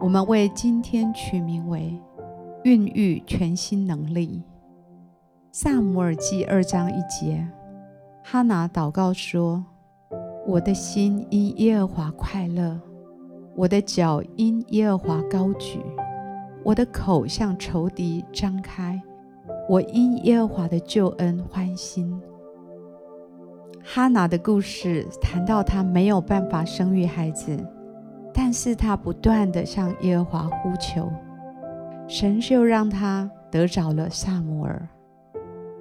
我們為今天取名為“孕育全新能力”。撒母耳記二章一節，哈拿禱告說：“我的心因耶和華快樂，我的角因耶和華高舉，我的口向仇敵張開，我因耶和華的救恩歡欣。”哈拿的故事談到她沒有辦法生育孩子。但是他不斷地向耶和華呼求，神就讓他得着了撒母耳，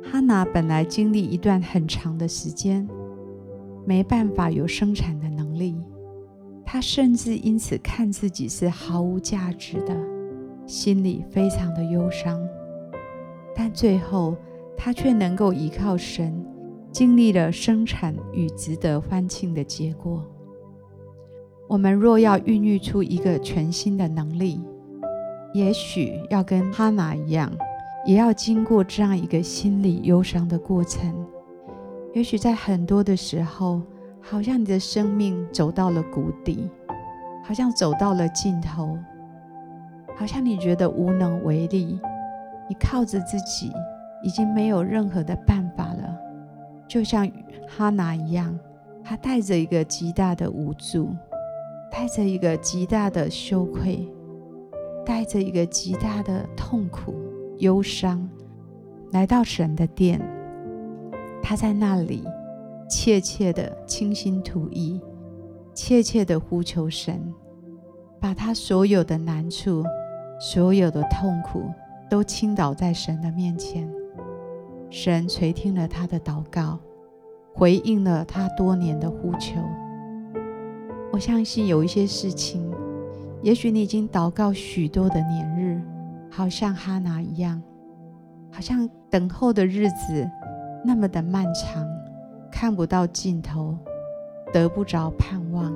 哈拿本來經歷一段很長的時間，沒辦法有生產的能力，她甚至因此看自己是毫無價值的，心裡非常的憂傷。但最後，她卻能夠依靠神，經歷了生產與值得歡慶的結果。我們若要孕育出一個全新的能力，也許要跟哈拿一樣，也要經過這樣一個心理憂傷的過程。也許在很多的時候，好像你的生命走到了谷底，好像走到了盡頭，好像你覺得無能為力，你靠着自己已經沒有任何的辦法了，就像哈拿一樣，她帶着一個極大的無助。帶着一個極大的羞愧，帶着一個極大的痛苦、憂傷，來到神的殿。他在那裡切切的傾心吐意，切切的呼求神，把他所有的難處、所有的痛苦都傾倒在神的面前。神垂聽了他的禱告，回應了他多年的呼求。我相信有一些事情，也許你已經禱告許多的年日，好像哈拿一樣，好像等候的日子那麼的漫長，看不到盡頭，得不着盼望。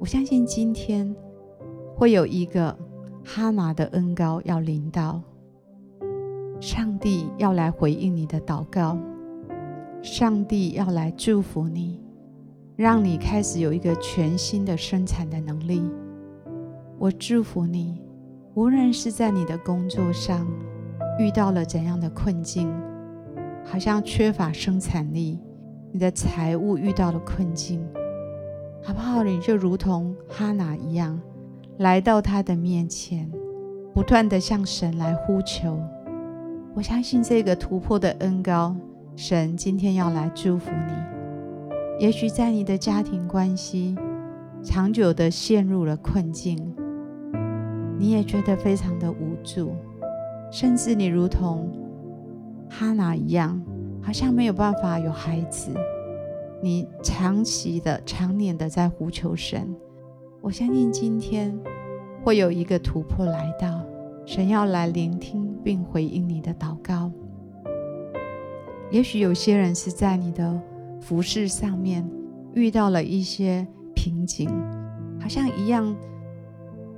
我相信今天會有一個哈拿的恩膏要臨到，上帝要來回應你的禱告，上帝要來祝福你。讓你開始有一個全新的生產的能力。我祝福你，無論是在你的工作上遇到了怎樣的困境，好像缺乏生產力，你的財務遇到了困境，好不好？你就如同哈拿一樣，來到他的面前，不斷的向神來呼求。我相信這個突破的恩膏，神今天要來祝福你。也許在你的家庭關係長久的陷入了困境，你也覺得非常的無助，甚至你如同哈拿一樣，好像沒有辦法有孩子。你長期的、長年的在呼求神，我相信今天會有一個突破來到，神要來聆聽並回應你的禱告。也許有些人是在你的。服侍上面遇到了一些瓶頸，好像一樣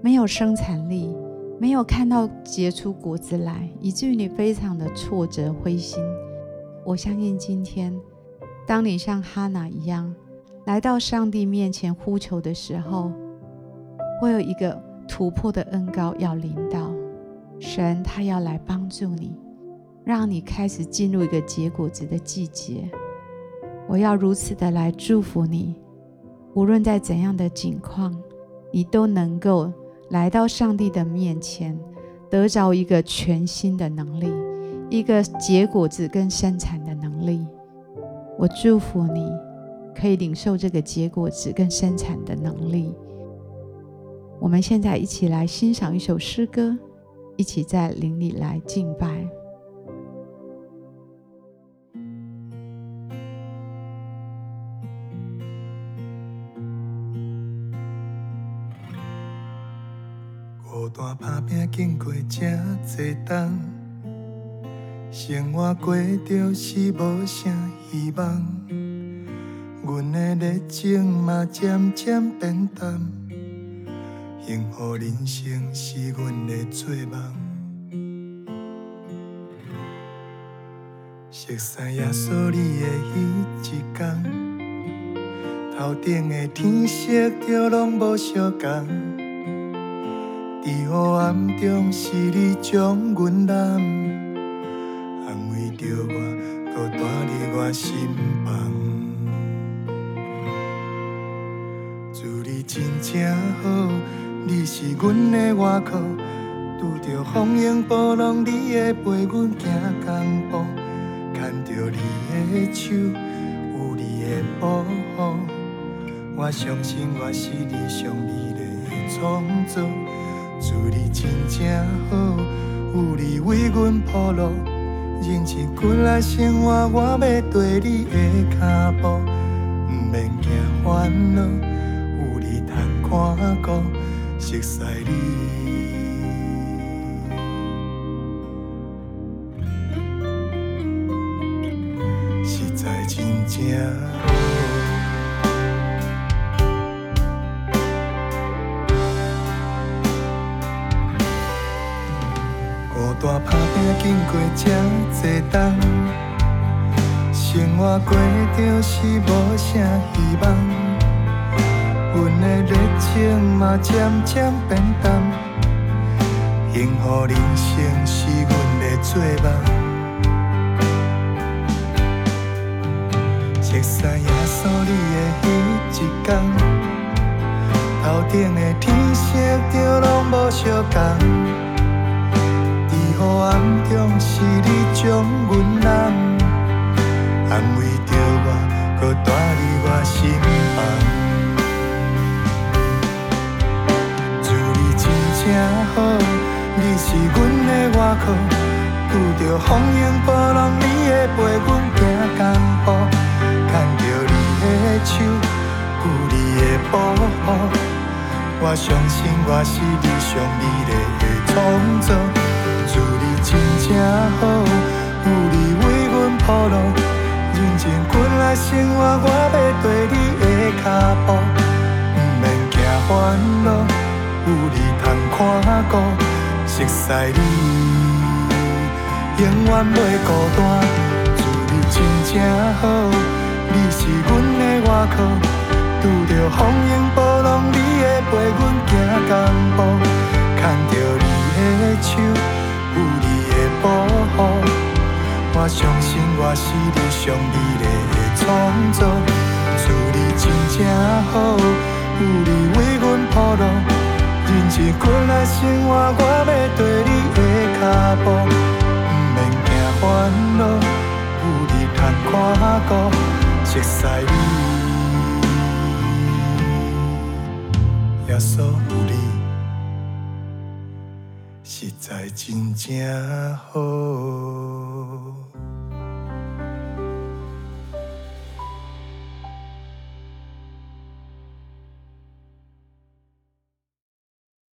沒有生產力，沒有看到結出果子來，以至於你非常的挫折、灰心。我相信今天，當你像哈拿一樣來到上帝面前呼求的時候，會有一個突破的恩膏要臨到神，他要來幫助你，讓你開始進入一個結果子的季節。我要如此的來祝福你，無論在怎樣的境況，你都能夠來到上帝的面前，得着一個全新的能力，一個結果子跟生產的能力。我祝福你，可以領受這個結果子跟生產的能力。我們現在一起來欣賞一首詩歌，一起在靈裡來敬拜。孤單打拼，經過真儕冬，生活過着是無啥希望。阮的熱情嘛漸漸變淡，幸福人生是阮的做夢。熟悉耶穌的那一天，頭頂的天色就攏無相同。在黑暗中是你將阮攬，安慰着我，擱住佇我心房。主祢真正好，你是阮的外殼。拄着、嗯、風迎波浪，你會陪阮行江湖。牽着你的手，有你的保護，我相信我是你上美麗的創造。為阮鋪路，認真勤力生活，我要對你的腳步，毋免驚煩惱。有你通看顧，熟悉你，實在真正。打拼經過真多冬，生活過着是無啥希望，阮的熱情嘛漸漸變淡，幸福人生是阮的做夢。即使約束你的彼一天，頭頂的天色就攏無相共。暗中是你將阮攬，安慰着我，擱蹛佇我心房。主你真正好，你是阮的倚靠。拄着 風浪波浪你，你會陪阮行江湖；牽 着你的手，有 你的保護。我相信我是世上美麗的創造。主祢真正好，有你為阮鋪路，認真過來生活，我欲對你的腳步，毋免行彎路。有你通看顧，熟識你，永遠袂孤單。主祢真正好，你是阮的倚靠，拄着風雨波浪，你會陪阮行同步，牽着你的手。有你的保護，我相信我是你最美麗的創造。主祢真正好，有你為阮鋪路。認真過嚟生活，我要綴你的腳步，毋免驚煩惱。有你通看顧，世你約束有你。實在真正好。